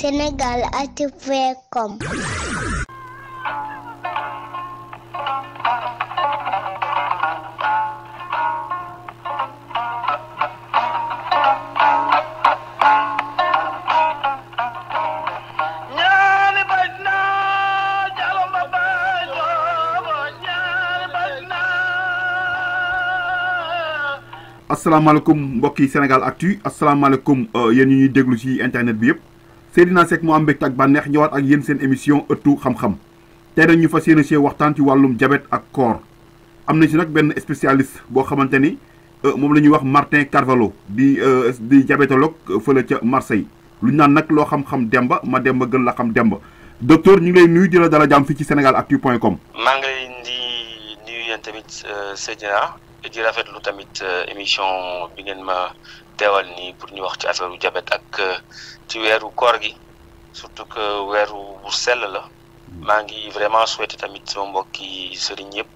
Sénégalactu.com asalaamaaleykum mbokk mbokki Sénégal Actu asalaamaaleykum eh, yéen ñi ñuy déglu ci internet bi yépp Seydina sek mu am mbégte ak bànneex ñewat ak yeen seen émission ëttu xam-xam tey nag ñu fas yéene waxtaan ci walum jabet ak koor amna ci nak ben spécialiste bo xamanteni ni euh, mom la wax Martin Carvalho di euh, di diabétologue feulé ci Marseille lu ñu nak lo xam-xam demba ma demba gën la xam demba docteur ñu lay nuyu dila dara dala fi ci sénégalactu point com. ngi di nuyu yeen tamit euh, di rafetlu tamit euh, émission bi ngeen ma teewal ni pour ñu wax ci affaire u jabet ak euh, ci weeru koor gi surtout que weeru bu la maa ngi vraiment souhaité tamit sama mbokki sëriñ yëpp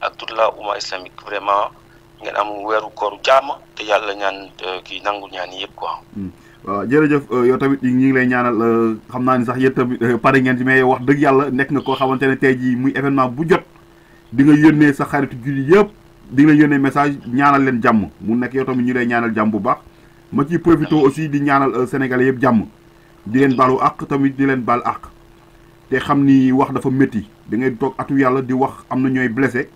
ak tout la umma islamique vraiment ngeen am weeru kooru jàmm te yàlla ñaan euh, kii nangu ñaan yëpp ko hmm. waaw jërëjëf yow tamit ñi ngi lay ñaanal xam naa ni sax yéen tamit pare ngeen ci mais wax dëgg yàlla nekk nga koo xamante ne tey jii muy événement bu jot di nga yónnee sa xaritu julli yëpp. di la yone message ñaanal leen jàmm mu nekk yow tamit ñu lay ñaanal jàmm bu baax ma ci profito aussi di ñaanal euh, sénégalais yëpp jàmm di leen balu àq tamit di leen bal àq te xam ni wax dafa métti da ngay toog atu yàlla di wax am na ñooy blessé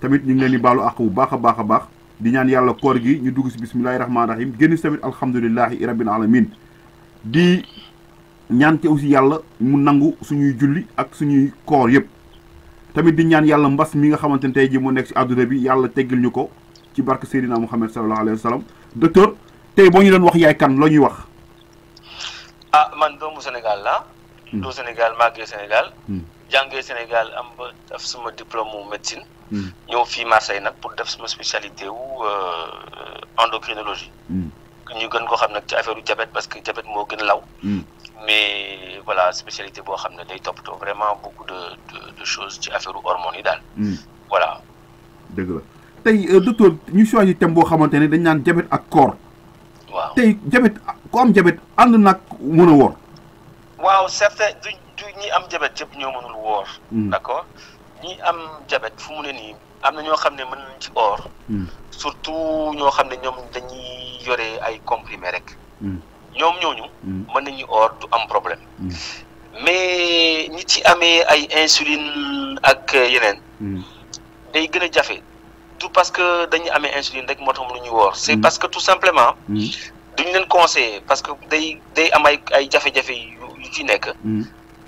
tamit ñu ngi leen di baalu àq bu baax a baax a baax di ñaan yàlla koor gi ñu dugg si bismillahi rahmaani rahim tamit alhamdulilahi rabbil alamin di ñaan ci aussi yàlla mu nangu suñuy julli ak suñuy koor yëpp tamit di ñaan yàlla mbas mi nga xamante ne tey jii moo nekk ci àdduna bi yàlla teggil ñu ko ci barke Seydina Mouhamed sallallahu alayhi wa sallam docteur tey boo ñu doon wax yaay kan loo ñuy wax. ah man doomu Sénégal la hmm. doo Sénégal màggee Sénégal. Hmm. jàngee Sénégal am ba def sama diplôme mu médecine. Hmm. ñëw fii Marseille nag pour def sama spécialité wu euh, endocrinologie. ñu gën ko xam nag ci affaire u parce que diabète moo gën law. mais voilà spécialité bo xam ne day top vraiment beaucoup de de de choses ci affaire hormone yi daal. Hmm. voilà. deug la tay euh, docteur ñu choisir thème boo xamante dañ naan diabète ak corps waaw tay diabète ko am diabète and nak mëna wor waaw certain du du ñi am diabète yëpp ñoo mënul woor. Hmm. d'accord ñi am diabète fu mu ne nii am na ñoo xam ne mën nañ ci or. Hmm. surtout ñoo xam ne ñoom dañuy yore ay comprimé rek ñoom ñooñu mm. mën nañu or du am problème mm. mais ñi ci amee ay insuline ak yeneen mm. day gën a jafe tout parce que dañu amee insuline rek moo tax lu ñu woor c'est parce que tout simplement duñ leen conseiller parce que day day am ay ay jafe-jafe yu ci nekk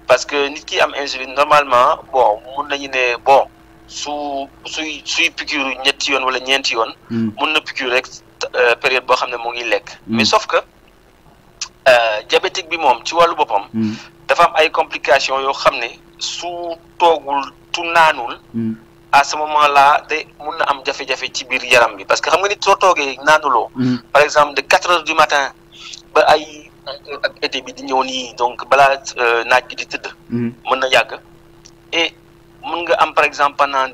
parce que nit ki am insuline normalement bon mun nañu ne bon su suy suy piqûre ñetti yoon wala ñeenti yoon mun na piqure rek euh, période boo xam ne mu ngi lekk mais sauf que euh, diabétique bi moom ci wàllu boppam. Hmm. dafa am ay complications yoo xam ne su toogul tu naanul. Hmm. à ce moment là day mun na am jafe-jafe ci biir yaram bi parce que xam nga nit soo toogee naanuloo. Hmm. par exemple de quatre heures du matin ba ay ak été bi di ñëw nii donc balaa euh, naaj bi di tëdd. mën na yàgg et mun nga am par exemple pendant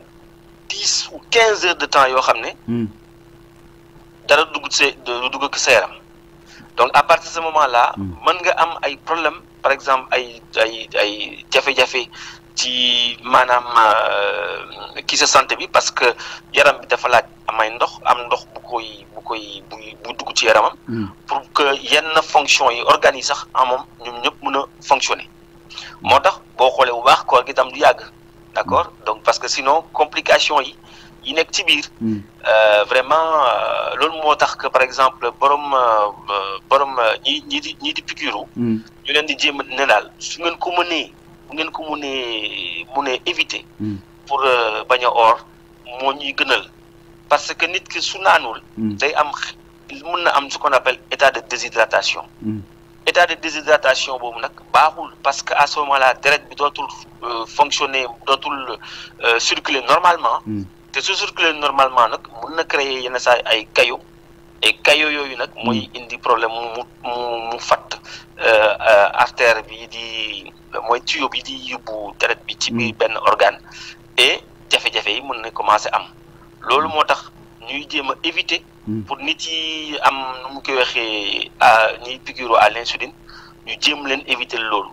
dix ou quinze heures de temps yoo xam ne. dara dugg sa dugg sa yaram donc à partir de ce moment-là hmm. mën nga am ay problème par exemple ay ay ay jafe-jafe ci maanaam euh, ki sa santé bi parce que yaram bi dafa laaj ay ndox am ndox bu koy bu koy buy bu dugg ci yaramam hmm. pour que yenn fonction yi organes yi sax amam ñoom ñëpp mën a fonctionner moo tax boo xoolee bu baax koor gi tam du yàgg d'accord hmm. donc parce que sinon complication yi yi nekk ci hmm. euh, vraiment euh, loolu moo tax que par exemple borom euh, borom ñi ñi di ñi di piqûre. Hmm. ñu len di jëm a ne dal su ngeen ko mënee bu ngeen ko mënee mënee éviter. Hmm. pour baña or mo ñuy gënal parce que nit ki su naanul. day am mën na am ce qu'on appelle état de déshydratation. état de déshydratation boobu nag baaxul parce que à ce moment là deret bi dootul fonctionner dootul circuler normalement. te su circulé normalement nag mun na crée yenn saa ay kayo et kayo yooyu nag mooy mm. indi problème mu mu mu fatt euh, euh, artère bi di mooy tuyau bi di yóbbu deret bi ci biir mm. benn organe et jafe-jafe yi mën na commencé am loolu mm. moo tax ñuy jéem a éviter pour nit yi am nu mu koy waxee ñuy piqûre à l'insuline ñu jéem leen éviter loolu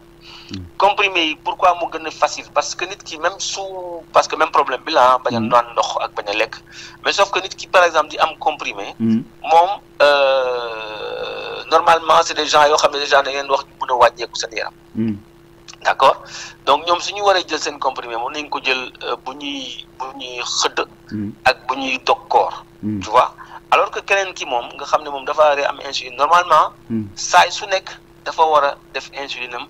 comprimé pourquoi mo gëna facile parce que nit ki même sous parce que même problème bi la ah, bañ a mm. naan ndox ak baña lek mais sauf que nit ki par exemple di am comprimé mm. euh normalement c'est des gens yo xamné des déjà da ngeen wax bu mën wajé ko seen yaram mm. d'accord donc ñom suñu wara jël sen comprimé mo nañ ko jël euh, bu ñuy bu ñuy xëdd ak bu ñuy koor tu vois alors que keneen ki mom nga xamné mom dafa ré am insuline normalement saay su nek dafa wara def insuline am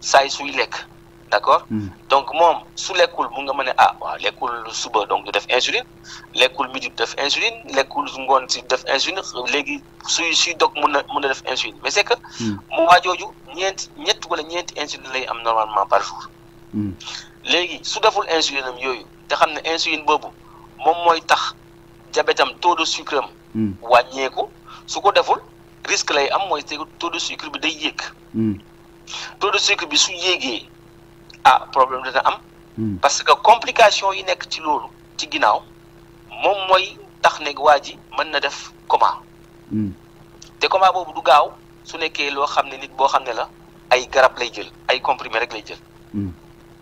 saay suy lekk d' accord hmm. donc moom su lekkul mun nga mën ne ah waaw lekkul suba donc du def insuline lekkul midi def insuline lekkul ngoon si def insuline léegi suy suy dog mun na mun na def insuline mais c' est que hmm. mu waajooju ñeent ñett wala ñeenti insuline lay am normalement par jour hmm. léegi su deful insuline am yooyu te xam ne insuline boobu moom mooy tax jabetam taux de sucre am wàññeeku su ko deful risque lay am mooy taux de sucre bi day yéeg tout ce qui bi su yégué ah problème dina am. Hmm. parce que complication yi nek ci lolu ci ginaaw mom moy tax ne waa na def coma. Hmm. te coma bobu du gaaw su nekké lo xamné nit bo xamné la ay garab lay jël ay comprimé rek lay jël. Hmm.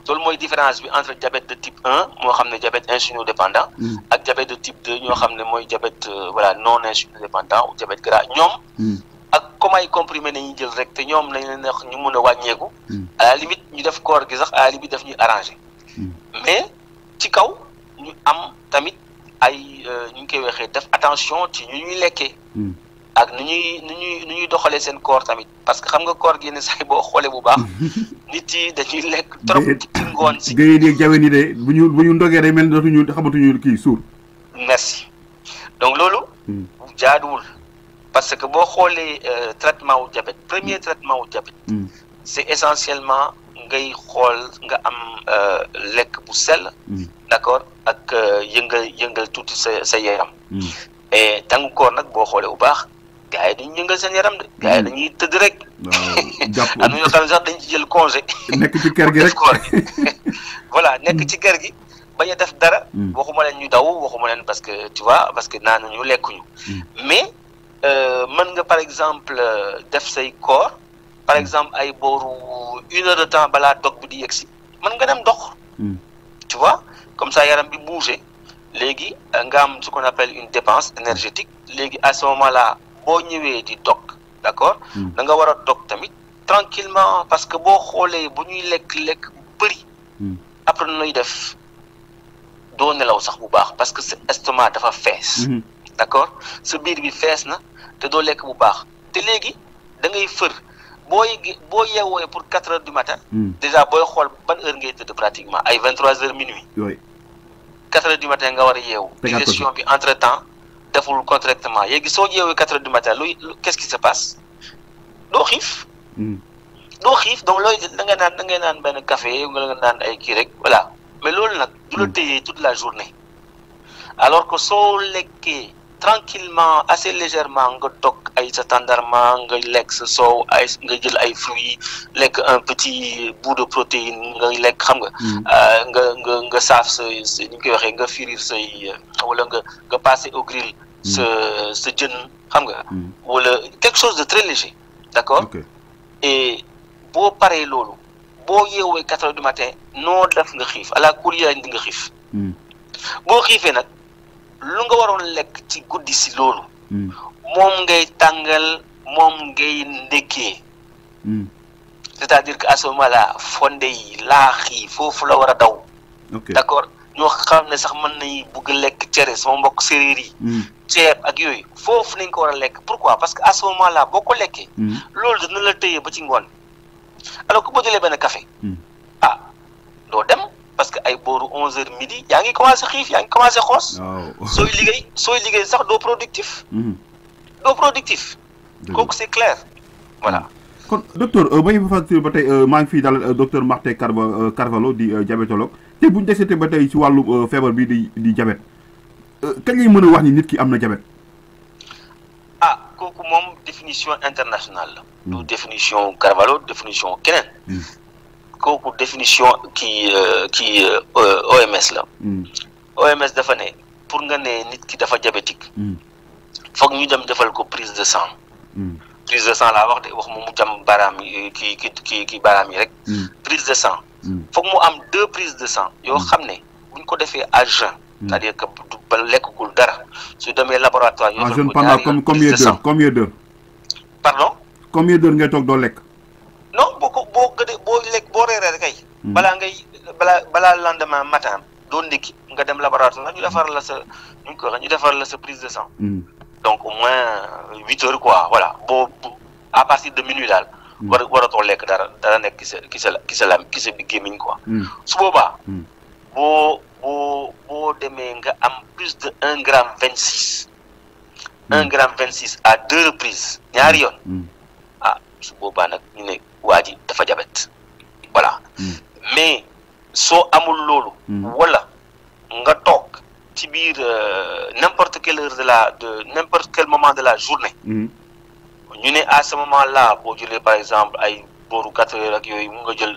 loolu moy différence bi entre diabète de type 1 mo xamné diabète insulino dépendant ak diabète de type 2 ño xamné moy diabète euh, voilà non insulino dépendant ou diabète gras ñoom ak comment ay comprimé nañuy jël rek te ñoom nañ leen wax ñu mun a wàññeeku hmm. à la limite ñu def koor gi sax à la limite daf ñuy arrangé hmm. mais ci kaw ñu am tamit ay euh, ñu ngi koy waxee def attention ci ñu ñuy lekkee hmm. ak nu ñuy nu ñuy nu ñuy doxalee seen koor tamit parce que xam nga koor gi ne sax boo xoolee bu baax nit yi dañuy lekk trop ci ngoon si gëyee déeg jawen yi de bu ñu bu ñu ndogee day mel dootuñu xamatuñu kii suur merci donc loolu jaaduwul parce que boo xoolee euh, traitement au diabète premier traitement au diabète mm. c'est essentiellement ngay xol nga am euh, lek bu sel mm. d'accord ak euh, yëngal yëngal tout sa sa yaram mm. et tang ko nak bo xolé bu baax gars yi duñ yëngal seen yaram de gars yi dañuy teud rek jàpp am tan ñoo xam sax dañ ci jël congé nek ci kër gi rek voilà nek ci kër gi bañ a def dara waxuma len ñu daw waxuma len parce que tu vois parce que lekku ñu mais euh, mën nga par exemple euh, def say corps par exemple ay boru une heure de temps bala dog bi di yegsi mën nga dem dox hmm. tu vois comme ça yaram bi bouger légui euh, nga am ce qu'on appelle une dépense énergétique légui à ce moment-là bo ñewé di dog d'accord hmm. da nga wara a dog tamit tranquillement parce que bo xolé bu ñuy lek lek bëri hmm. après nuy def doo nelaw sax bu baax parce que sa estomac dafa fees d' accord sa biir bi fees na te doo lekk bu baax te léegi da ngay fër booy boo yeewoo pour quatre heures du matin. Hmm. déjà booy xool ban heure ngay tëdd pratiquement ay vingt trois heures minuit. quatre heures du matin nga war a yeewu. digestion bi entre temps deful correctement léegi soo yeewee quatre heures du matin luy qu'est-ce qui se passe doo xiif. Hmm. doo xiif donc looy da ngay naan da ngay naan benn café nga nga naan ay kii rek voilà mais loolu nag. du la hmm. téye toute la journée alors que soo lekkee tranquillement assez légèrement nga toog ay sa nga lekk ay ay un petit bout de protéine nga lekk xam nga. Mm. Euh, nga nga nga saaf sa ñu euh, nga passer au grill. ce mm. sa jën xam nga. Mm. wala quelque chose de très léger d'accord. et boo paree loolu boo quatre heures du matin noo def nga xiif ala la nga xiif. lu nga waroon lekk ci guddi si loolu mm. moom ngay tàngal moom ngay ndekkee mm. c'est-à-dire que à ce moment-là fonde yi laax yi foofu la war a daw d'accord ñoo xam ne sax mën nañu bugg lekk cere sama mbokk séréer yi mm. ceeb ak yooyu foofu nañ ko war a lekk pourquoi parce que à ce boo ko lekkee loolu dina la tëye ba ci ngoon alors que boo jëlee benn kafe ah doo dem parce que ay boru 11h midi ya ngi commencé xif ya ngi commencer xoss soy liguey soy liguey sax do productif. doo productif. Mhm. kooku c'est clair voilà. Ah. kon docteur ba ñu fa fàttali ba tey euh, maa ngi fii dalal euh, docteur Marte euh, Carvalho di diabétologue te buñu déssété desete ba tey ci walu fièvre bi di di diabète kañ ngay mën wax ni nit ki amna diabète. ah kooku mom définition internationale la. du hmm. définition Carvalho définition keneen. Hmm. kooku définition kii euh, kii euh, euh, OMS la. Hmm. OMS dafa ne pour nga ne nit ki dafa diabétique. Hmm. foog ñu dem defal ko prise de sang. Hmm. prise de sang laa wax de wax mu mu jam baaraam yi kii ki kii kii baaraam yi rek. prise de sang. foog mu am deux prises de sang yoo xam ne buñ ko defee à jeun. c'est-à-dire que du ba lekkagul dara su demee laboratoire. yoo xam ne pardon. combien d'heures ngay toog doo lekk. non boo ko boo gëdee boo lekk boo reeree rek kay. Hmm. balaa ngay balaa balaa lendemain matin doo ndékki nga dem laboratoire ñu defar la sa ñu ko waxee ñu defar la sa prise de sang. Hmm. donc au moins huit heures quoi boo de minuit daal. Hmm. war waratoo lekk dara dara nekk ki sa ki sa ki sa lam ki sa gémmiñ quoi. su boobaa. boo boo demee nga am plus de un gramme vingt six. un gramme vingt six à deux reprises ñaari yoon. ah su nag ñu ne. waa dafa diabète voilà hmm. mais so amul lolu hmm. wala nga tok ci bir euh, n'importe quelle heure de la de n'importe quel moment de la journée hmm. ñu né à ce moment là pour dire par exemple ay boru quatre heures ak yoy mu nga jël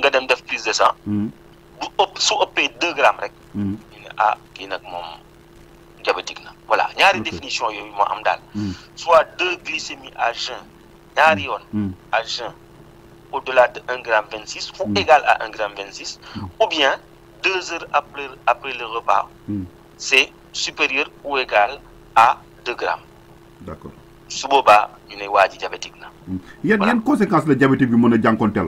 nga dem def prise de sang bu ëpp su 2 deux grammes rek ñu ne ah kii nag moom diabétique na voilà ñaari définition yooyu mo am dal soit deux glycémie à jeun ñaari yoon à jeun au-delà de 1 gramme 26 ou mm. égal à 1 gramme 26, mm. ou bien deux heures après, après le repas, mm. c'est supérieur ou égal à 2 grammes. D'accord. Ce boba, ñu y a une diabétique na. yan yan conséquences la diabétique bi a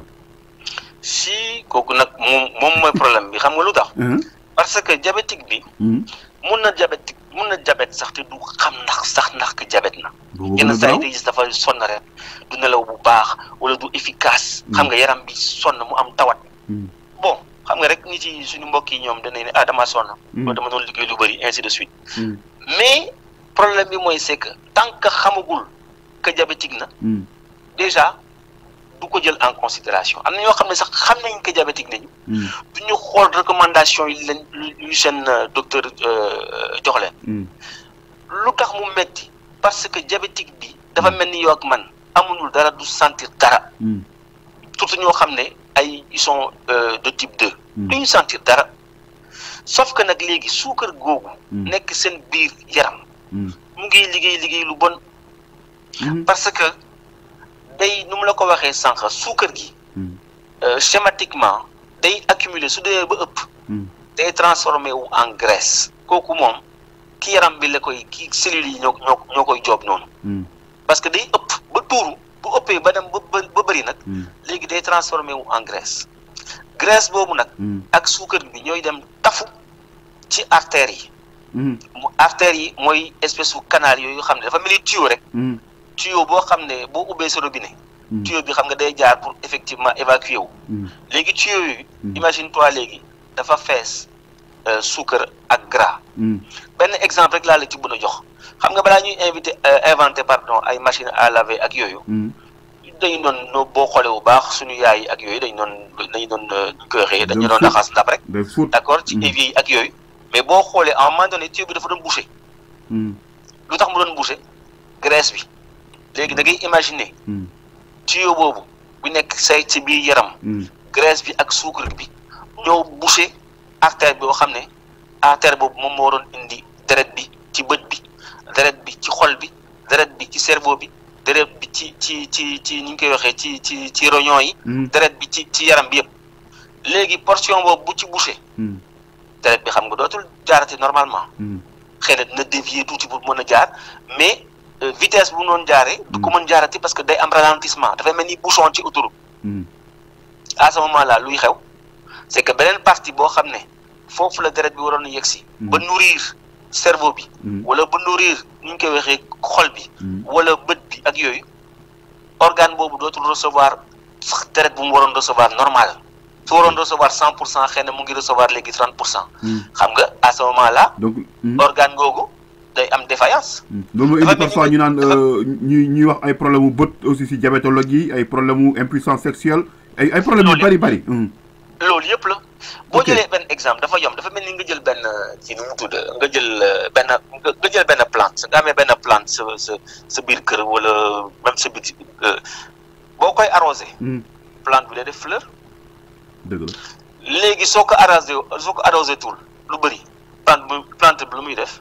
si kooku nag moom moom problème bi xam nga lu uh-huh. parce que diabétique bi. mon diabétique mun na jabet sax te du xam ndax sax ndax ki jabet na. yenn saa yi day gis dafa sonn rek du nelaw bu baax wala du efficace. Mm. xam nga yaram bi sonn mu am tawat. Mm. bon xam nga rek nit yi suñu mbokk yi ñoom danañ ne a ah, damaa sonn. wala mm. dama doon liggéey lu bëri ainsi de suite. mais problème bi mooy c'est que tant que xamagul que diabétique na. déjà du ko jël en considération am na ñoo xam ne sax xam nañ ko diabétique nañu. Hmm. du ñu xool recommandation yi leen yu seen euh, docteur euh, jox leen. Hmm. lu tax mu metti parce que diabétique bi dafa hmm. mel ni yow man amuñu dara du sentir dara. tout ñoo xam ne ay ils sont euh, de type deux. du sentir dara sauf que nag léegi suukar googu. nekk seen biir yaram. mu ngi liggéey liggéey lu bon. parce que day num la ko waxee sànq suukar gi. Hmm. Euh, schématiquement day accumuler su dee ba ëpp. Hmm. day transformer wu en graisse koku mom ki yaram bi la koy ki cellule yi ñok ñoo koy job non hmm. parce que day ëpp ba tuuru bu ëppee ba dem ba bari nak légui léegi day wu en graisse. graisse boobu nak ak suukar bi ñoy dem tafu ci artère yi. mu yi moy espèce su canal yooyu xam ne dafa mel tuyau rek tuyau boo xam ne boo ubbee sa robinet. Hmm. tuyau bi xam nga day jaar pour effectivement évacuer wu. Hmm. léegi tuyau yi. Hmm. imagine toi léegi dafa fees euh, sucre ak gras. benn exemple rek laa la ci mën a jox xam nga balaa ñuy invité euh, inventer pardon ay machine à laver ak yooyu. dañu doon no boo xoolee bu baax suñu yaay ak yooyu dañu doon dañu doon ñu koy waxee dañu doon raxas ndab rek. d'accord ci évier ak yooyu. mais boo xoolee en un moment donné tuyau bi dafa doon bouché. lu tax mu doon bouché graisse bi. Imaginez da ngay imaginer hmm. tuyau boobu bu nekk say ci biir yaram hmm. graisse bi ak sucre bi bouché artère boo xam ne artère boobu moom indi bi ci bi bi ci xol bi bi ci cerveau bi deret bi ci ci ci koy ci ci ci yi bi normalement hmm. xëy na dévier a mais Euh, vitesse bu noonu jaaree. du ko hmm. mën jaarati parce que day am ralentissement dafay mel ni bouchon ci autoroute. Hmm. à ce moment là luy xew c' que beneen partie boo xam ne foofu la deret bi waroon a yegsi. Hmm. ba nourrir cerveau bi. wala ba nourrir ñu ngi koy waxee xol bi. wala bët bi ak yooyu organe boobu dootul recevoir deret bu mu waroon recevoir normal. su waroon recevoir cent pour cent xëy na mu ngi recevoir léegi trente pour cent. xam nga à ce moment day am défaillance. loolu mooy indi parfois ñu naan euh, ñuy ñuy wax ay problème mu bët aussi si diabétologue yi ay problème mu impuissance sexuelle ay ay problème yu bari bari. Hmm. loolu yëpp la boo jëlee benn exemple dafa yomb dafa mel ni nga jël benn ci nga jël euh, jël benn plante nga amee benn plante sa sa biir kër wala même sa biti euh, boo koy arrosé. Hmm. plante bi day def fleur. la léegi soo ko arrosé soo arrosé tuul lu bëri plante bi plante bi lu muy def.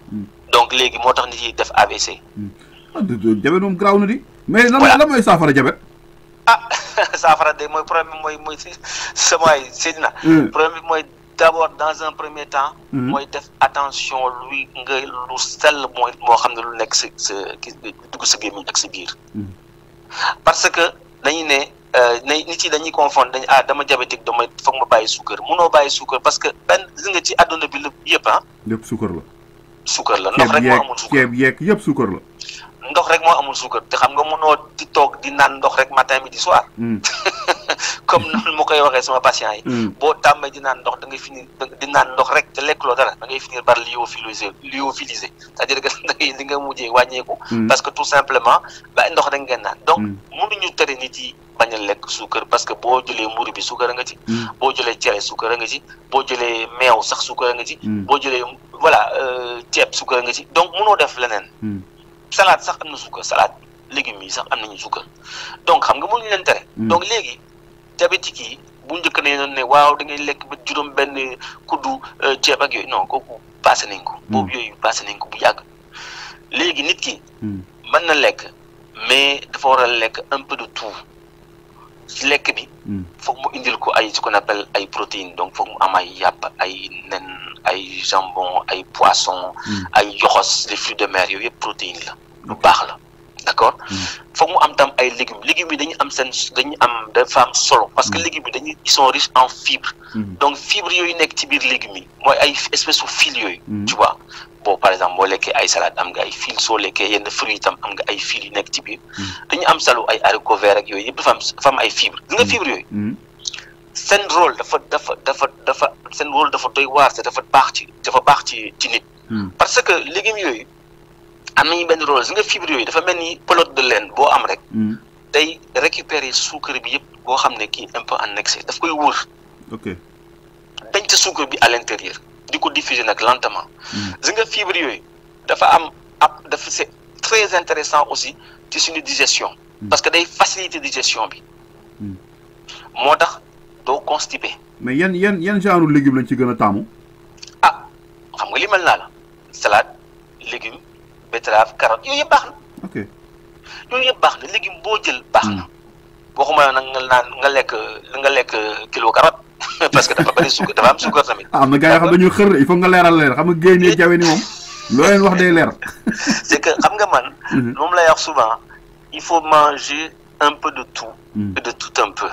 donc léegi moo tax nit yi def AVC. Hmm. ah jabet moom garaaw na di. mais lan lan mooy saafara jabet. ah saafara de mooy problème bi mooy mooy sama Seydina. Hmm. problème bi mooy d' abord dans un premier temps. Hmm. mooy def attention luy nga lu sell mooy moo xam ne lu nekk sa sa ki dugg sa gémmiñ ak sa biir. parce que dañuy ne euh, nit yi dañuy confondre dañ ah dama diabétique damay foog ma bàyyi sucre munoo bàyyi sucre parce que benn gis nga ci àdduna bi lépp yëpp ah. lépp suukar la. suukar la ndax rek moo amul suukar ceeb yeeg yëpp suukar la. ndox rek moo amul suukar te xam nga mënoo di toog di naan ndox rek matin midi soir. Mm. comme noonu ma koy waxee sama patient yi. Mm. boo tàmmee di naan ndox da ngay finir naan ndox rek te lekkuloo dara da ngay finir par lyophilisé lyophilisé c'est-à-dire que da li nga mujjee wàññeeku. Mm. parce que tout simplement ba ndox rek ngeen naan. donc mënuñu tere nit yi bañ a lekk suukar parce que boo jëlee mburu bi suukar a nga ci. boo jëlee cere suukar a nga ci boo jëlee meew sax suukar a nga ci. boo jëlee voilà euh, ceeb suukar a nga ci donc mënoo def leneen. salade sax am na sukkar salade légumes yi sax am nañu sukkar donc xam nga mënuñu leen tere. Hmm. donc léegi diabétique ki bu njëkk na doon ne waaw da ngay lekk ba juróom benn kuddu euh, ceeb ak yooyu non kooku passé nañ ko. Hmm. boobu yooyu passé nañ ko bu yàgg léegi nit ki. Hmm. mën na lekk mais dafa war a lekk un peu de tout lekk bi. foog mu indil ko ay ce qu'on appelle ay protéines donc foog mu am ay yàpp ay nen. ay jambon ay poisson. Hmm. ay yoxos les fruits de mer yooyu protéines protéine la lu baax la d' accord. Hmm. Faut mu am tam ay légumes légumes yi dañu am sen dañu am dafa am solo parce que hmm. légumes yi dañuy ils sont riches en fibres. donc fibres yoy nek ci biir légumes moy ay espèce su fil tu vois Bon par exemple boo lekkee ay salade am nga ay fil so lekkee yenn fruits tam am nga ay fil yu nek ci biir. dañu am salu ay haricots verts ak yooyu yëpp dafa am am ay fibres. gis nga fibres yooyu seen rôle dafa dafa dafa dafa seen rôle dafa doy waar te dafa baax ci dafa baax ci ci nit. Hmm. parce que légumes yooyu am nañu benn rôle si nga fibre yooyu dafa mel ni pelote de laine boo am rek. Hmm. day récupérer sucre bi yëpp boo xam ne kii un peu annexé daf koy wóor. ok denc sucre bi à l'intérieur di ko diffuser nag lentement. Hmm. si nga fibre yooyu dafa am ab dafa c'est très intéressant aussi ci suñu digestion. parce que day faciliter digestion bi. moo tax doo constipé. mais yan yan yan genre légumes lañ ci gën a taamu. ah xam nga li mel naa la salade légume betterave carotte yooyu yëpp baax na. ok yooyu yëpp baax na légume boo jël baax na. Hmm. waxuma nag nga naan nga lekk nga lekk kilo carotte parce que dafa bëri sucre dafa am suukar tamit. ah am na gars yoo xam ne dañuy xër il faut nga leeral leer xam nga géej jawe ni moom loo leen wax day leer. c'est que xam nga man. Hmm. moom lay wax souvent il faut manger un peu de tout. Hmm. de tout un peu.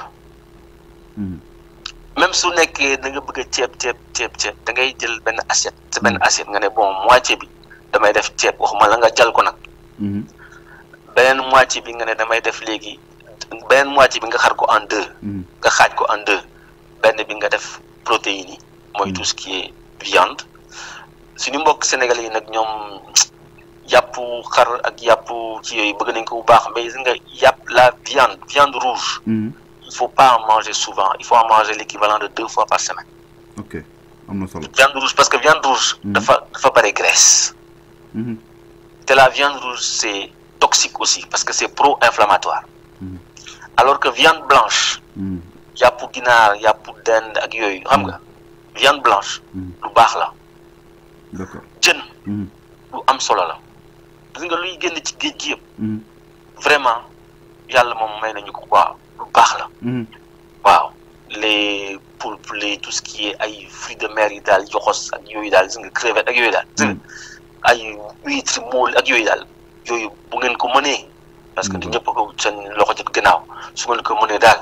même hmm. su nekkee da nga bëgg a ceeb ceeb ceeb ceeb da ngay jël benn assiette sa hmm. benn assiette nga ne bon moitié bi damay def ceeb waxuma oh, hmm. la nga jal ko nag beneen moitié bi nga ne damay def léegi beneen moitié bi nga xar ko en deux nga xaaj ko en deux benn bi nga def protéines yi mooy tout ce qui est viande suñu mbokk sénégalais yi nag ñoom yàpp xar ak yàpp ci yooyu bëgg nañ ko bu baax mais nga yàpp la viande viande rouge il ne faut pas en manger souvent il faut en manger l'équivalent de deux fois par semaine. ok viande rouge parce que viande rouge. ne fait pas des graisse. c'est mhm. la viande rouge c'est toxique aussi parce que c'est pro-inflammatoire. Mhm. alors que viande blanche. il il y a pour guinard, pour ginaar il y a pour xam la mhm. viande blanche. lu baax là. d'accord jën. lu am solo il gis que luy génn ci il y a vraiment moment où may nañu ko quoi. baax la. Mm-hmm. waaw les pour les tout ce qui est ay fruits de mer yi daal joxos ak yooyu daal gis nga crevette ak yooyu daal. Mm-hmm. ay huître mool ak yooyu daal yooyu bu ngeen ko mënee. parce que du mm-hmm. ñëpp ko seen loxo ci ginnaaw su ngeen ko mënee daal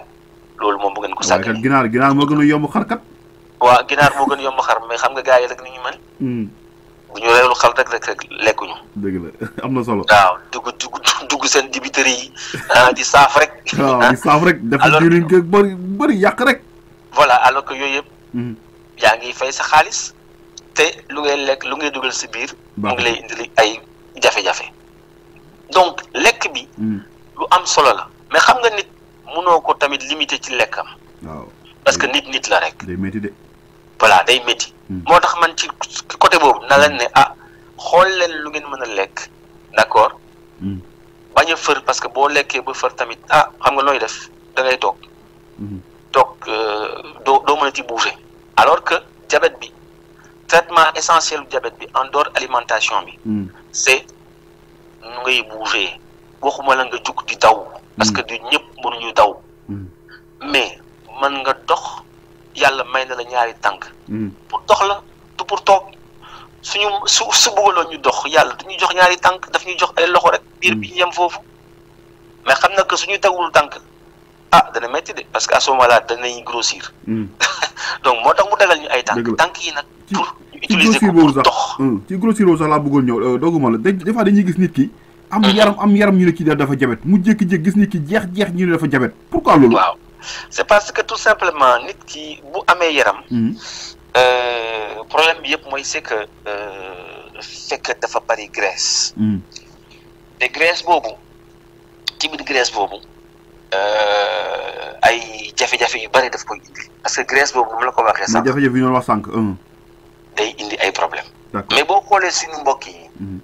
loolu moom bu ngeen ko sàggee. waaye ginnaar ginnaar moo gën a yomb xar kat. waaw ginnaar moo gën yomb xar mais xam nga gars yi rek ni ñu bu ñu reerul xal rek rek rek lekkuñu. dëgg la am na solo. waaw dugg dugg dugg seen dibiteri yi ah, di saaf rek. waaw di saaf rek. alors que dafa bari bari yàq rek. voilà alors que yooyu yëpp. Mhm. yaa ngi fay sa xaalis. te lu ngay lekk lu ngay dugal si biir. mu ngi lay indil ay jafe-jafe. donc lekk bi. Mhm. lu am solo la. mais xam nga nit mënoo ko tamit limité ci lekkam. waaw parce que nit nit la rek. day métti de. voilà day métti moo tax man ci côté na ne ah lu d'accord hmm. bañ parce que boo lekkee ba fër tamit ah xam alors que diabète bi traitement essentiel du diabète en dehors alimentation bi hmm. c'est nu bouger la nga jug di daw parce hmm. que du ñëpp mënuñu daw mais vous nga yàlla may na la ñaari tànk. Hmm. pour dox la du pour toog suñu su su bëggaloon ñu dox yàlla du ñu jox ñaari tànk daf ñuy jox ay loxo rek. Hmm. biir bi ñu yem foofu mais xam na que suñu tagul tànk ah dana métti de parce que à ce moment-là danañ grossir. Hmm. donc moo tax mu dagal ñu ay tànk. tànk yi nag pour ñu utiliser ko pour dox. ci grossir boobu sax laa bëggoon ñëw euh, dogguma la des dañuy gis nit ki. am yaram am yaram ñu ne kii dafa jabet mu jékki-jékki gis nit ki jeex jeex ñu ne dafa jabet pourquoi loolu c' est parce que tout simplement nit ki bu amee yaram. Hmm. Euh, problème bi yëpp mooy c' est que fekk euh, dafa bari graisse. Hmm. te graisse boobu ci biir graisse boobu euh, ay jafe-jafe yu bari daf koy indi parce que graisse boobu moom la ko waxee sànq. jafe-jafe yi ñu wax sànq. day indi ay problème mais boo xoolee suñu mbokk yi. Hmm.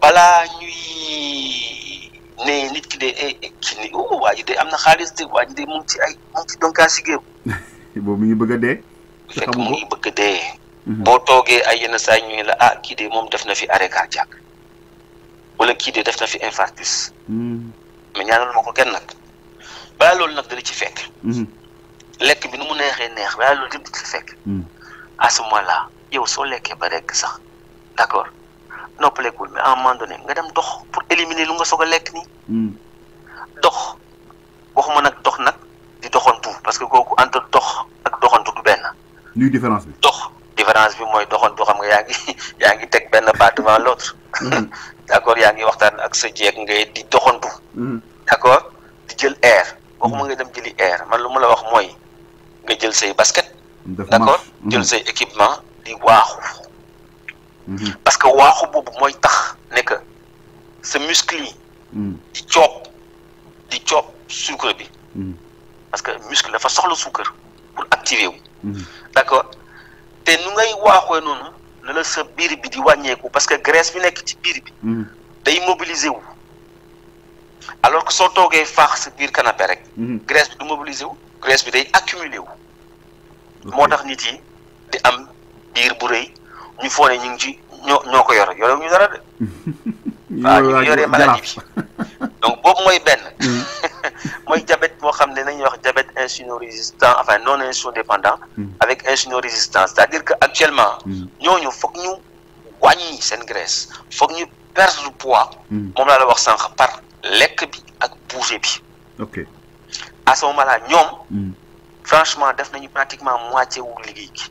balaa ñuy. mais nit ki de kii eh, eh, ni oh, de am na xaalis de waa de mu ci ay mu ngi ci donkaa sigéew boobu mi ngi a dee fekk mu ngi bëgg dee mhm. boo toogee ay yenn saa ñu ngi la ah kii de moom def na fi arrêt cardiaque wala kii de def na fi infarctus mhm. mais ñaanal ma ko kenn nag balaa loolu nag dana ci fekk mhm. lekk bi nu mu neexee neex balaa loolu yëpp di fekk à ce yow soo lekkee ba rekk sax d'accord noppalekul mais à un nga dem dox pour éliminer lu nga soog lekk nii. Hmm. dox waxuma nag dox nag di doxantu parce que kooku entre dox ak doxantu du benn. dox différence bi mooy doxantu xam nga yaa ngi yaa ngi teg benn pas devant l' autre. Hmm. yaa ngi waxtaan ak sa jeeg ngay di doxantu. Hmm. d' di jël air waxuma nga dem jëli air man lu mu la wax mooy nga jël say basket. d' accord jël say équipement di waaxu. Mhm. parce que waxu bobu moy tax ne que muscle yi. Mhm. di chop, di chop sucre bi. Mhm. parce que muscle dafa soxla sucre pour activer wu. D'accord. te nu ngay waaxoo nonu ne la sa biir bi di wàññeeku parce que graisse bi nek ci biir bi. day mobiliser wu. alors que so togué faax sa biir canapé rek. graisse bi du mobiliser wu graisse bi day accumuler wu. motax nit yi di am biir bu reuy ñu foone ne ñu ngi ci ñoo ñoo ko yor yore ñu dara de. waaw ñu yoree maladie bi donc boobu mooy benn. Mm. mooy diabète moo xam ne nañuy wax diabète insulino résistant enfin non insulino-dépendant mm. avec insulino résistance c'est-à-dire que actuellement mm. ñooñu foog ñu wàññi seen graisse foog ñu perdre poids moom laa la wax sànq par lekk bi ak bouger bi ok à ce moment là ñoom franchement def nañu pratiquement moitié wu liggéey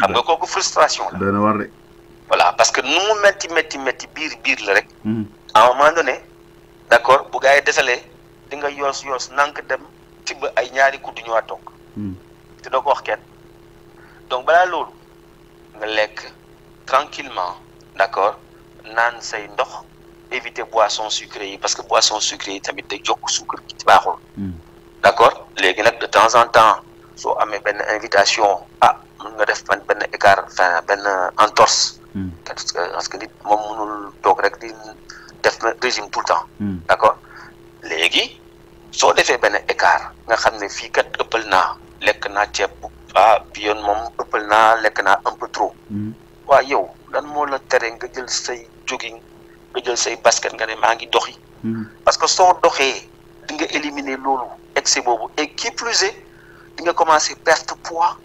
xam nga kooku frustration la. dana war voilà parce que nu mu metti metti metti biir biir la rek. Hmm. à un moment donné d' accord bu gars yi desalee di nga yoos yoos nank dem tibb ay ñaari kuddu ñëwaat toog. Hmm. te doo ko wax kenn donc balaa loolu nga lekk tranquillement d' accord naan say ndox éviter boisson sucré yi parce que boisson sucré yi tamit day jokk sucre gi ci baaxul. Hmm. d' accord léegi nag de temps en temps soo amee benn invitation ah mun nga def benn écart enfin benn entorse hmm. parce que parce que nit moom mënul toog rek di def régime tout le temps hmm. d' accord léegi soo defee benn écart nga xam ne fii kat ëppal naa lekk naa ceeb ah bi yoon moom ëppal naa lekk naa un peu trop hmm. waa yow lan moo la tere nga jël say jogging nga jël say basket nga ne maa ngi doxi parce que soo doxee di nga éliminer loolu excès boobu et qui plus est di nga commencé perte poids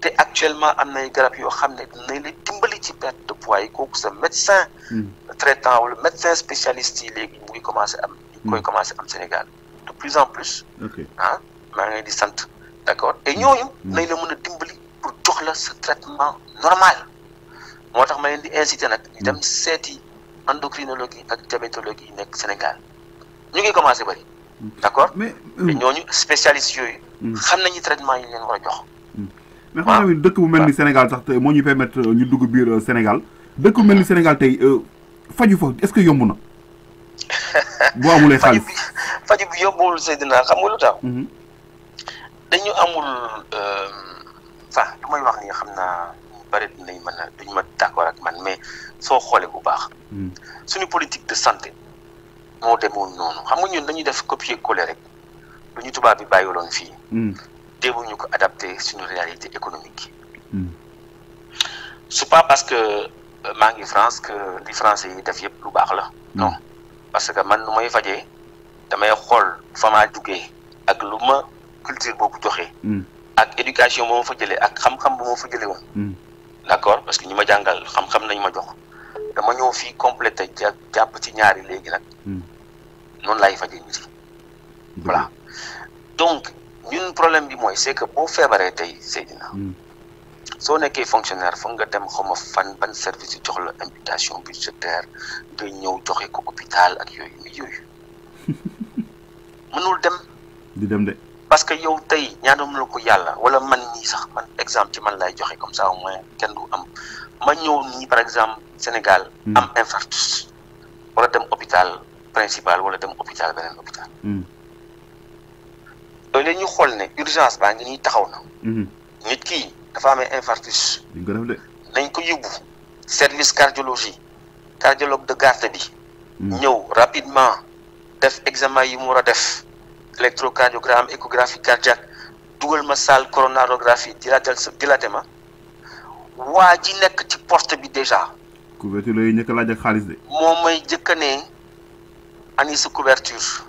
te actuellement am nay garab yo xam ne timbali dimbali ci perte poids yi kooku sa médecin hmm. traitant wala médecin spécialiste yi léegi mu ngi commencé am hmm. koy commencé am Sénégal de plus en plus ah maa ngi di sant d'accord et ñooñu hmm. nañ la mëna a dimbali pour jox la ce traitement normal motax ma leen di inciter nak ñu dem endocrinologie ak diabétologie nek Sénégal ñu ngi commencé bari d'accord? Mais te ñooñu spécialiste yooyu Mm. xam nañu traitement yi leen war a jox. Mm. mais xam ah. dëkk bu mel ni ah. Sénégal moo ñuy permettre euh, ñu dugg biir euh, Sénégal dëkk mel ni ah. Sénégal tey euh, faju fa est-ce que yomb na. boo amulee xaalis faju bi yóbbuwul Seydina xam nga mm-hmm. dañu amul sax lu may wax ni xam naa bëri dinañ mën a duñ ma d'accord ak man mais soo xoolee bu baax. Mm. suñu politique de santé moo demoon noonu xam nga ñun dañuy def copier coller rek. ñu tubaab bi bàyyiloon fii hmm. déebu ñu ko adapté suñu réalité économique hmm. c'est pas parce que euh, maa ngi France que li français yi def yëpp lu baax la hmm. non parce que man nu may fajee damay xool fa maa duggee ak lu ma culture boobu joxee ak éducation bu ma fa jëlee ak xam-xam bu ma fa jëlee woon d'accord parce que ñi ma jàngal xam-xam nañ ma jox dama ñëw fii complété jàpp ci ñaari léegi nag noonu laay fajee ñu si voilà donc ñun problème bi mooy c'est que boo feebaree tey Seydina hmm. soo nekkee fonctionnaire foog nga dem xaw fan ban service jox la imputation budgétaire nga ñëw joxe ko hôpital ak yooyu mais yooyu mënul dem. parce que yow tey ñaanam la ko yàlla wala man nii sax man exemple ci man lay joxe comme ça au moins kenn du am ma ñëw nii par exemple Sénégal. Hmm. am infarctus wala dem hôpital principal wala dem hôpital beneen hôpital. Hmm. léegi ñu xool ne urgence baa ngi nii taxaw na. Mhm. nit ki dafa amee infarctus. dañ ko yóbbu service cardiologie cardiologue de garde bi. Mhm. ñëw rapidement def examen yi mu war a def électrocardiogramme échographie cardiaque dugal ma salle coronarographie dilaté dilaté ma waa ji nekk ci poste bi déjà. couverture yooyu ñëkk laaj ak xaalis de. moo may jëkka ne ani sa couverture.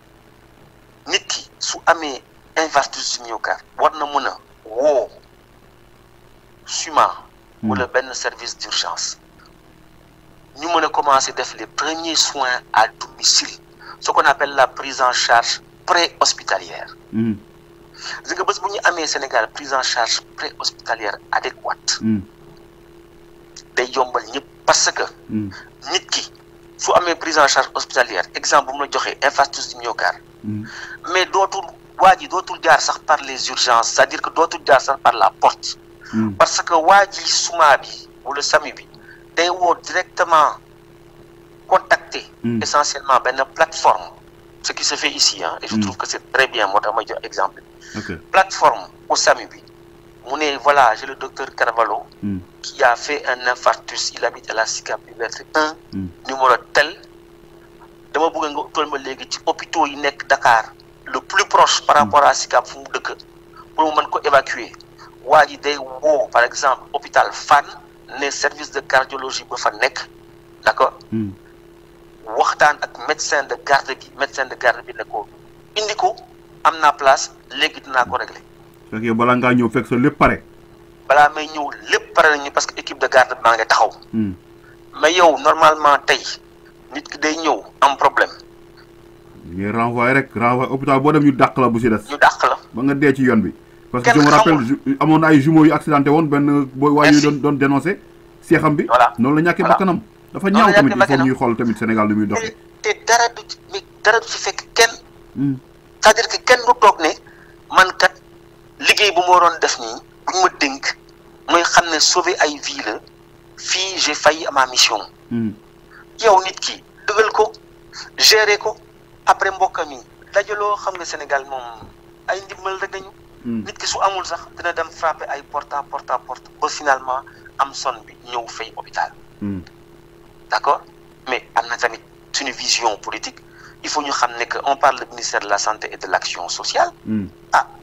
ni ki su amé infarctus du myocarde war na mën wo SUMA hmm. service d'urgence ñu mën commencé commencer def les premiers soins à domicile ce qu'on appelle la prise en charge préhospitalière hmm. gis nga bés bu ñu amé Sénégal prise en charge préhospitalière adéquate hmm. day yombal ñep parce que nit ki faut amener prise en charge hospitalière exemple bu mu la infarctus du myocarde mm. mais d'autres, waa ji dootul jaar par les urgences c'est-à-dire que d'autres gars, ça par la porte mm. parce que waa ji ou ou le sami bi directement contacter mm. essentiellement une plateforme ce qui se fait ici hein et je trouve que c'est très bien moi, d'un exemple plateforme au SAMUBI voilà j'ai le docteur Carvalho hmm. qui a fait un infarctus il habite à la SICAP hmm. numéro tel Dakar le plus proche par hmm. rapport à SICAP pour évacuer par exemple hôpital FAN le service de cardiologie ba d'accord médecin de garde médecin de garde place les régler fekk yow balaa ngaa ñëw fekk sa lépp pare. nañu parce que équipe de garde maa ngi taxaw. Hmm. mais yow normalement tey nit ki day ñëw am problème. ñu renvoyé rek renvoyé hôpital boo dem ñu dàq la bu si des. ñu dàq la ba nga dee ci yoon bi. parce que je me rappelle amoon na ay jumeaux yu accidenté woon benn. booy waa yu doon doon dénoncé. seexam bi noonu la ñàkkee bakkanam. dafa ñaaw tamit il faut ñuy xool tamit Sénégal lu muy doxee. te dara du ci fekk kenn. Hmm. du toog ne man liggéey bu la ma sauver ay vie j'ai failli à ma mission hmm. yow nit ki ko gérer après mbokkam xam nga Sénégal ay ndimbal dañu hmm. nit ki su amul sax dina dem ay porte à porte finalement am son bi fay hôpital hmm. d'accord mais am vision politique il faut ñu que on parle du ministère de la santé et de l'action sociale ah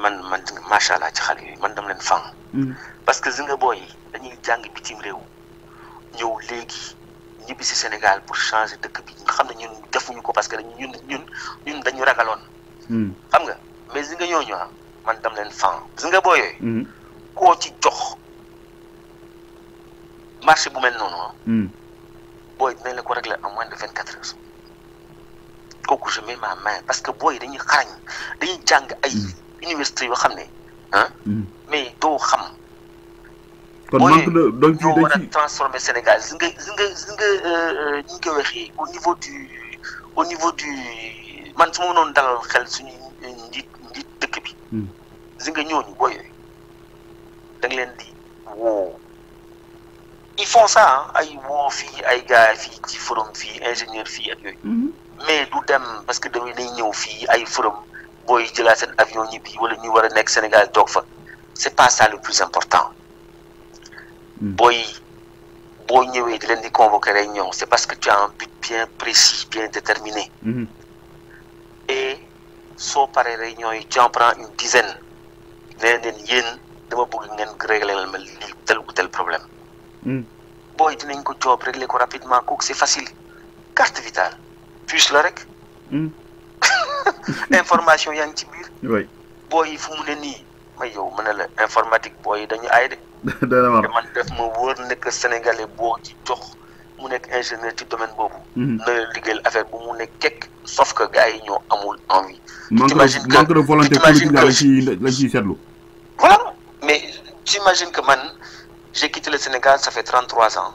man man ci man mm. parce que zinga dañuy jàng bitim réew ñëw Sénégal pour changer de bi Nous xam ne ñun parce que ñun ñun ñun dañu mm. xam nga mais zinga ñooñu ah man dama leen fang zinga mm. koo ci jox marché bu mel ah, la ko régler en moins de vingt heures. je mets ma main parce que booy dañuy dañuy ay université yoo xam ne hein? mm-hmm. mais doo xam. kon manque de Sénégal au niveau du au niveau du man xel suñu dëkk bi. Mm. ñooñu ils font ça hein, ay ay gars ci forum ingénieur mm-hmm. mais parce que ñëw ay forum de la scène avion bi wala ni wara nek Sénégal tok fa c'est pas ça le plus important. Hmm. booy bo ñëwé di leen di convoquer rek ñoom c'est parce que tu as un but bien précis bien déterminé. Hmm. et so paré réunion yi tu en prends une dizaine. nee leen yéen dama bëgg ngeen régler ma tel ou tel problème. Hmm. booy dinañ ko joob régler ko rapidement kooku c'est facile. carte vitale puce la rek. information yaa ngi ci biir. oui booy yi fu mu ne nii may yow mu ne la informatique booy yi dañu aay de. dana man def ma wóor nekk sénégalais boo ci jox mu nekk ingénieur ci domaine boobu. Mhm. na la liggéeyal affaire bu mu nekk kekk sauf que gars yi ñoo amul envie. t'imagines que manque de volonté politique la ciy la ciy seetlu. voilà mais que man j'ai quitté le Sénégal ça fait 33 ans.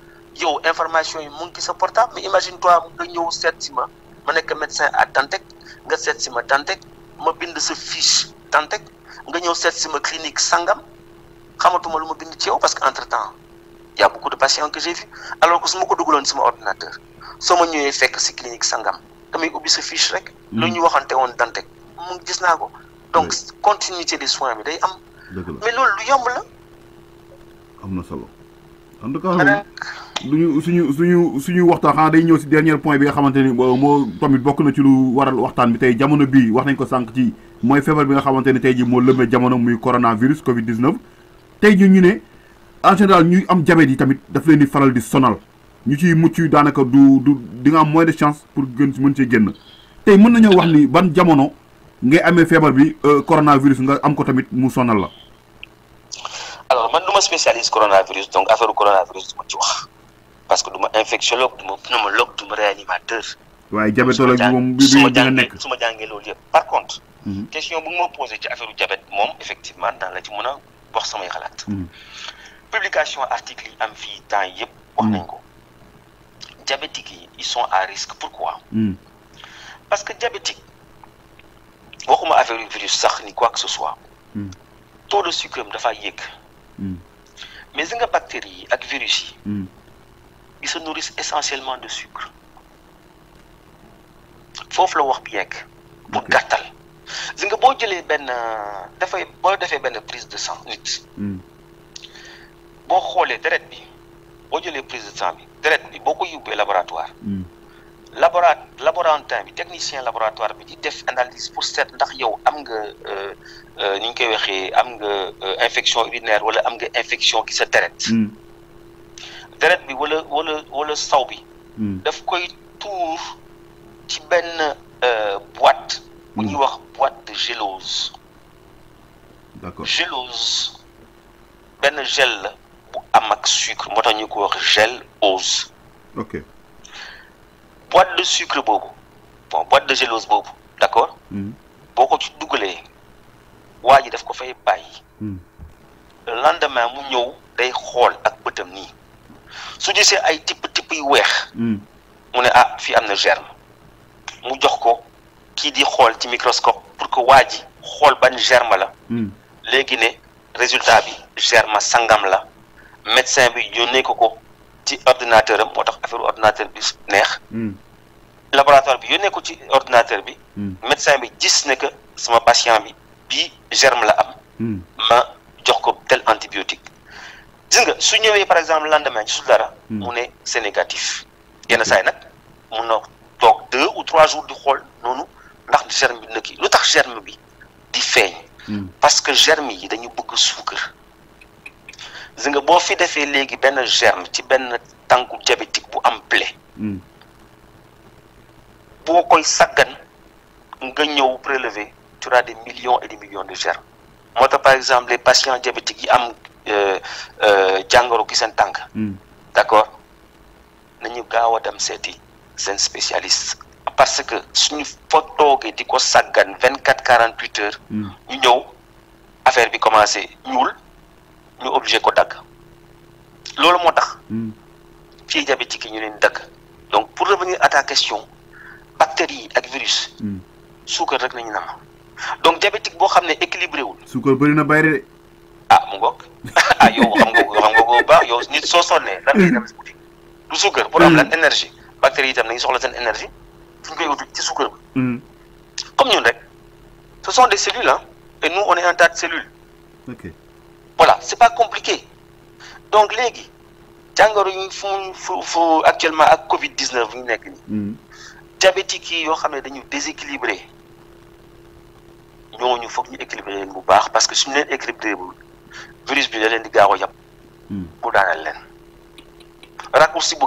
yow information yi mu ngi sa portable mais imagine toi nga ñëw seet ma ma nekk médecin à Dantec nga seet tantek, ma bind sa fiche Dantec nga ñëw seet clinique sangam xamatuma lu ma bind ci yow parce que entre temps y a beaucoup de patients que j'ai vu alors que su ma ko dugaloon sama ordinateur soo ma ñëwee fekk si clinique sangam damay ubbi sa fiche rek. Hmm. lu ñu waxante woon tantek. mu gis naa ko. donc continuité des soins bi day am. mais loolu lu yomb la. am na solo. en tout cas suñu suñu suñu suñu waxtaan xanaa day ñëw si dernier point bi nga xamante ni moo tamit bokk na ci lu waral waxtaan bi tey jamono bii wax nañ ko sànq ci mooy feebar bi nga xamante ni tey ji moo lëmbee jamono muy coronavirus Covid 19. tey ñu ñu ne en général ñuy am jabet yi tamit daf leen di faral di sonal ñu ciy mucc daanaka du du di nga am moins de chance pour gën mën cee génn tey mën nañoo wax ni ban jamono ngay amee feebar bi euh, coronavirus nga am ko tamit mu sonal la. alors man suis suis spécialiste coronavirus donc affaire coronavirus je ma parce que je suis infectiologue je suis pneumologue je suis réanimateur. Oui, diabétologue bi moom bi bi dina contre, par contre. Mhm. question bu ma posé ci affaire diabète ne effectivement dans la ci je suis mhm. publication article yi am fii temps yëpp. Mhm. diabétiques ils sont à risque pourquoi. parce que diabétique waxuma affaire virus sax ni quoi que ce soit. taux de sucre dafa yéeg. Hmm. mais si nga bactéries ak virus yi. Hmm. ils se essentiellement de sucre. foofu la wax bi yegg. pour gàttal. si nga boo jëlee benn dafay boo defee benn prise de sang nit. Hmm. boo xoolee deret bi boo jëlee prise de sang bi deret bi boo ko yóbbee laboratoire. laborat laborantin bi technicien laboratoire bi di def analyse pour set ndax yow am nga euh, euh, ni ñu koy waxee am nga euh, infection urinaire wala am nga infection ci sa deret mm. deret bi wala wala wala saw bi mm. daf koy tuur ci benn boîte bu ñuy mm. wax boîte de gélose gélose benn gel la bu am ak sucre moo tax ñu ko wax gel ose boîte de sucre bobo bon boîte de gélose bobo d'accord accord. Hmm. boko ci dugalee waa ji daf ko fay bàyyi. Hmm. le lendemain mu ñew day xol ak bëtam ni su gisee ay tipp tipp yu weex. Hmm. mu né ah fi amna germe mu jox ko ki di xol ci microscope pour que wadi xol ban germe la. légui né résultat bi germe sangam la médecin bi yónnee ko ko ci ordinateur am moo affaire ordinateur bi neex hmm. laboratoire bi yónnee ko ci ordinateur bi hmm. médecin bi gis ne que sama patient bi bi germe la am hmm. ma jox ko tel antibiotique gis nga su ñëwee par exemple lendemain ci su dara mu ne c'est négatif yenn saa yi nag mun na toog deux ou trois jours di xool noonu ndax germe bi na kii lu tax germe bi di feeñ parce que germe yi dañu bëgg suukar Zinga vous boo des germes léegi benn germe ci benn diabétique bu am plaie. Hmm. boo koy saggan nga prélever tu auras des millions et des millions de germes Moi par exemple les patients diabétiques qui am euh, euh, jàngoro ki seen tànk. Hmm. d'accord? accord nañu gaaw spécialiste. parce que si une photo qui dit 24 48 24-48 heures. nous, hmm. affaire bi commencé ñuul ñu obligé ko dagg loolu moo tax hmm. fii diabétique yi ñu leen dagg donc pour revenir à ta question bactéries yi ak virus hmm. suukar rek nañu donc diabétique boo xam ne équilibré wul suukar bëri na bayre de ah mu ngoog ah yow xam nga xam nga ko bu baax yow nit soo sonnee lan ngay dem si du suukar pour am hmm. lan énergie bactéries yi itam nañu soxla seen énergie fuñ koy uti ci suukar comme ñun rek ce sont des cellules ah et nous on est un tas de cellules ok voilà c'est pas compliqué donc les gens qui fu actuellement à Covid 19 les ñu sont nii. Hmm. diabétique nous yoo xam ne dañu parce que si nous équilibré le virus bi virus leen di gaaw a yàpp. bu hmm. daaneel leen raccourci bu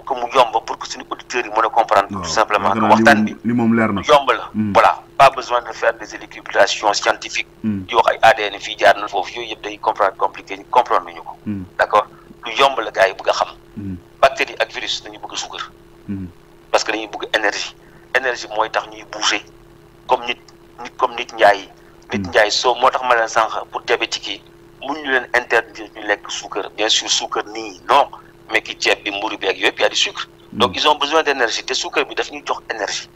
pour que mu yomb pour que suñu auditeur yi mën comprendre. tout simplement que waxtaan bi li mom leer na yomb la. Hmm. voilà pas besoin de faire des élucubrations scientifiques. Hmm. di wax ay ADN fi jaar na foofu yooyu yëpp day comprendre compliqué ñu comprendre lu ñu ko. Hmm. d' accord lu yomb la gars bëgg xam. bactéries ak virus dañu bëgg sucre. parce que dañuy bëgg énergie énergie mooy tax ñuy bouger comme nit nit comme nit njaay nit njaay soo moo tax ma leen sànq pour diabétique yi mun ñu leen interdire ñu lekk sucre bien sûr sucre nii non mais qui ceeb bi mburu bi ak il y a du sucre. donc mm. ils ont besoin d'énergie énergie sucre, suukar bi daf ñuy jox énergie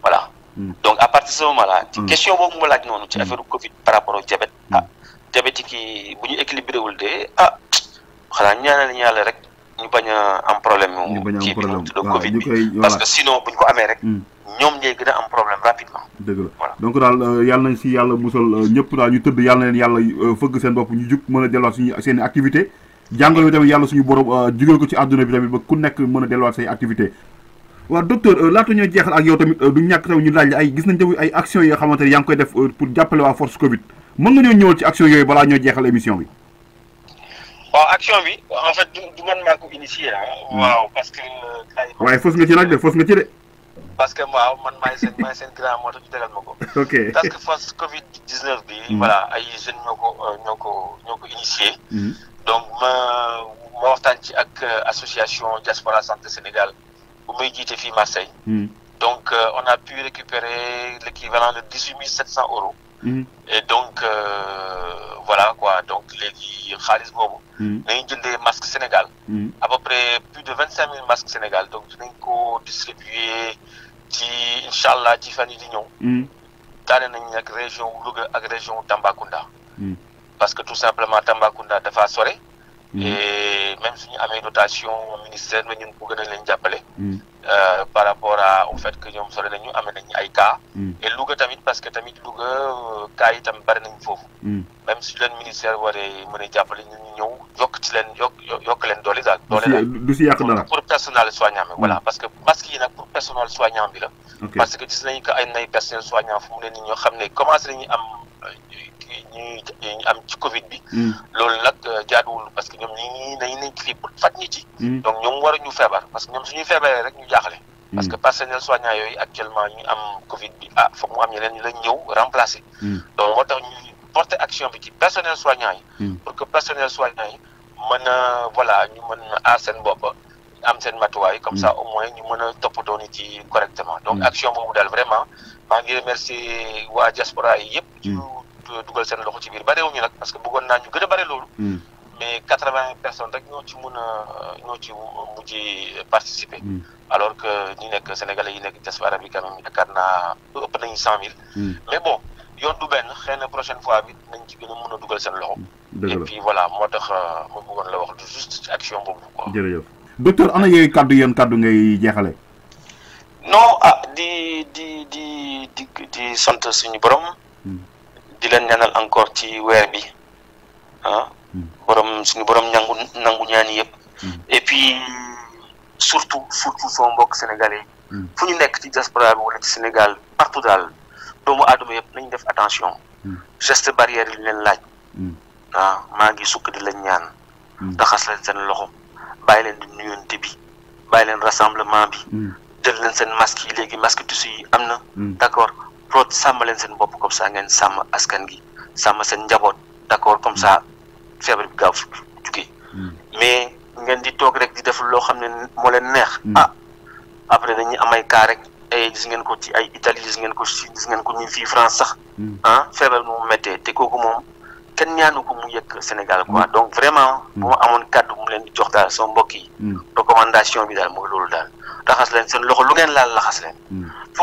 voilà. Mm. donc à partir de ce moment là. ci mm. question boobu ma laaj noonu. ci affaire Covid par rapport au diabète. ah diabète yi kii bu ñu équilibré wul dé, ah xanaa ñaanal ñaale rek ñu bañ a am problème. ñu pas a am problème kii Covid parce que sinon bu ñu ko amee rek. ñoom ñooy gën a am problème rapidement. dëgg la voilà donc daal euh, yàlla nañ si yàlla musal euh, ñëpp daal ñu tëdd yàlla na leen yàlla euh, fëgg seen bopp ñu jug mën a delluwaat suñu seen activité jàngoro bi tamit yàlla suñu borom jugal euh, ko ci àdduna bi tamit ba ku nekk mën a delluwaat say activité waaw docteur euh, laata ñoo jeexal ak yow tamit euh, du ñàkk taw ñu laaj ay gis nañ tamit ay action yi nga xamante ne yaa ngi koy def pour jàppale waa force Covid mën nga ñoo ñëwal ci action yooyu balaa ñoo jeexal émission bi waaw action bi en fait du man maa ko initié hein. hmm. waaw parce que waaye fos nga ci nag de fos nga ci de parce que waaw man maay seen maay seen grand moo tax ñu tegal ma ko ok parce que force Covid 19 bi hmm. voilà ay jeunes ñoo ko ñoo ko ñoo ko initié hmm donc ma ma avec euh, association Diaspora Santé Sénégal pour me jiite fi Marseille. Hmm. donc euh, on a pu récupérer l'équivalent de 18 700 euros. Hmm. et donc euh, voilà quoi donc les xaalis nous hmm. nay des masques Sénégal. à peu près plus de 25 000 masques Sénégal donc nous ko distribuer ci Tiffany ci fan nañ région Louga Tambacounda parce que tout simplement Tambacounda dafa sore. Mm. et même suñu amee dotation ministère bi ñun bëgg nañ leen euh, par rapport à au fait que nous sore nañu amee nañu ay cas. et Louga tamit parce que tamit Louga euh, kay tam bari nañ fofu mm. même si le ministère waree mën jappalé ñun ñu ñëw yokk ci leen yok yok leen doli dal doole du dara pour personnel soignant voilà mm. parce que parce yi nak pour personnel soignant bi la. parce que gis nañ ko ay nay personnel soignant fu mu leen ñu xamné commencé am. Euh, yi ñuy am ci Covid bi. Mm. loolu nag euh, jaaduwul parce que ñoom ñi dañu nañ fi faj ñi ci. Mm. donc ñoom waruñu feebar parce que ñoom suñuy feebaree rek ñu jaaxle. Mm. parce que personnel soignant ah, yi. pour que personnel soignant yi mën a voilà ñu mën a aar seen bopp. am seen matuwaay comme ça au moins ñu mën a toppatoo correctement donc action boobu daal vraiment maa ngi waa diaspora yi dugal seen loxo ci biir barewuñu nag parce que bëggoon naa ñu gën a bare loolu. Hmm. mais quatre vingt personnes rek ñoo ci mun a ñoo ci mujj participer. Hmm. alors que ñi nekk sénégalais yi nekk diaspora bi quand même yaakaar naa ëpp nañu cent mille. Hmm. mais bon yoon du benn xëy na prochaine fois bi nañ ci gën a mun a dugal seen loxo. et puis voilà moo tax euh, ma bëggoon la wax juste action boobu quoi. jërëjëf docteur ana yooyu kaddu yéen kaddu ngay jeexale. non ah di di di di di sant suñu borom. di leen ñaanal encore ci weer bi ah hmm. borom suñu borom nangu nangu ñaani yëpp hmm. et puis surtout surtout sama mbokk sénégalais hmm. fu ñu nekk ci diaspora bi wala ci Sénégal partout daal doomu aadama yëpp nañu def attention geste barrière yi leen laaj waaw ah, maa ngi sukk di la ñaan raxas leen seen loxo bàyyi leen di nuyonte bi bàyyi leen rassemblement bi jël leen seen masque yi léegi masque tissu am na d'accord pro sàmm leen seen bopp comme ça ngeen sàmm askan gi sàmm seen njaboot d' accord comme ça feebar bi gaaw jugee hmm. mais ngeen di toog rek di def loo xam ne moo leen neex. Hmm. a ah, après dañuy am ay cas rek ay eh, gis ngeen ko ci ay Italie gis ngeen ko ci gis ngeen ko ñu fii France sax. Hmm. ah feebar mu méttee te kooku moom ken ñaanu ko mu yëkk Sénégal quoi donc vraiment. bu ma amoon kàddu mu leen di jox daal sama mbokk yi. recommandation bi daal mooy loolu daal raxas leen seen loxo lu ngeen laal raxas leen. fu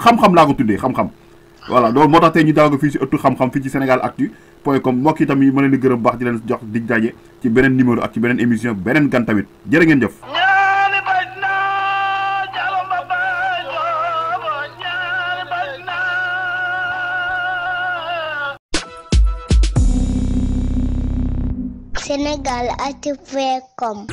xam-xam laa ko tuddee xam-xam voilà loolu moo tax tey ñu daaw fii si ëttu xam-xam fii ci Sénégal Actu point com mbokk yi tam yi ma leen di gërëm baax di leen jox dig daje ci beneen numéro ak ci beneen émission beneen gan tamit jërë ngeen jëf Sénégal actu.com